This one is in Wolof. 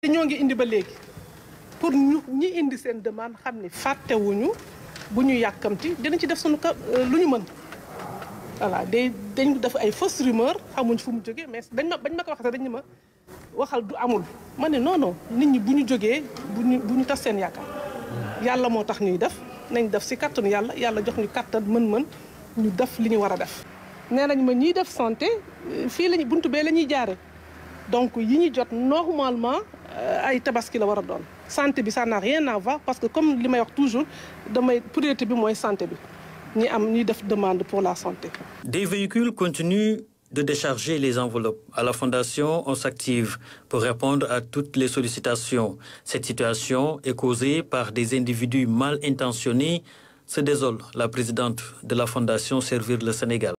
te ñoo ngi indi ba léegi pour ñu ñi indi seen demande xam ni fàttewuñu bu ñu yàkkamti dinañ ci def suñu ka euh, lu ñu mën voilà day dañ def ay fausse rumeur xamuñ fu mu jógee mais dañ ma bañ ma ko wax sax dañ ma waxal du amul ma ne non nit ñi bu ñu jógee bu ñu bu ñu tas seen yaakaar yàlla moo tax ñuy def nañ def si kàttan yàlla yàlla jox ñu kàttan mën-mën ñu def li ñu war a def. nee nañ ma ñiy def santé fii lañ buntu bee la ñuy jaare donc yi ñu jot normalement ay tabaski la war a doon santé bi ça n'a rien à voir parce que comme li may wax toujours damay priorité bi mooy santé bi ñi am ñi def demande pour la santé. Des véhicules continuent de décharger les enveloppes. À la Fondation, on s'active pour répondre à toutes les sollicitations. Cette situation est causée par des individus mal intentionnés, se désole la présidente de la Fondation Servir le Sénégal.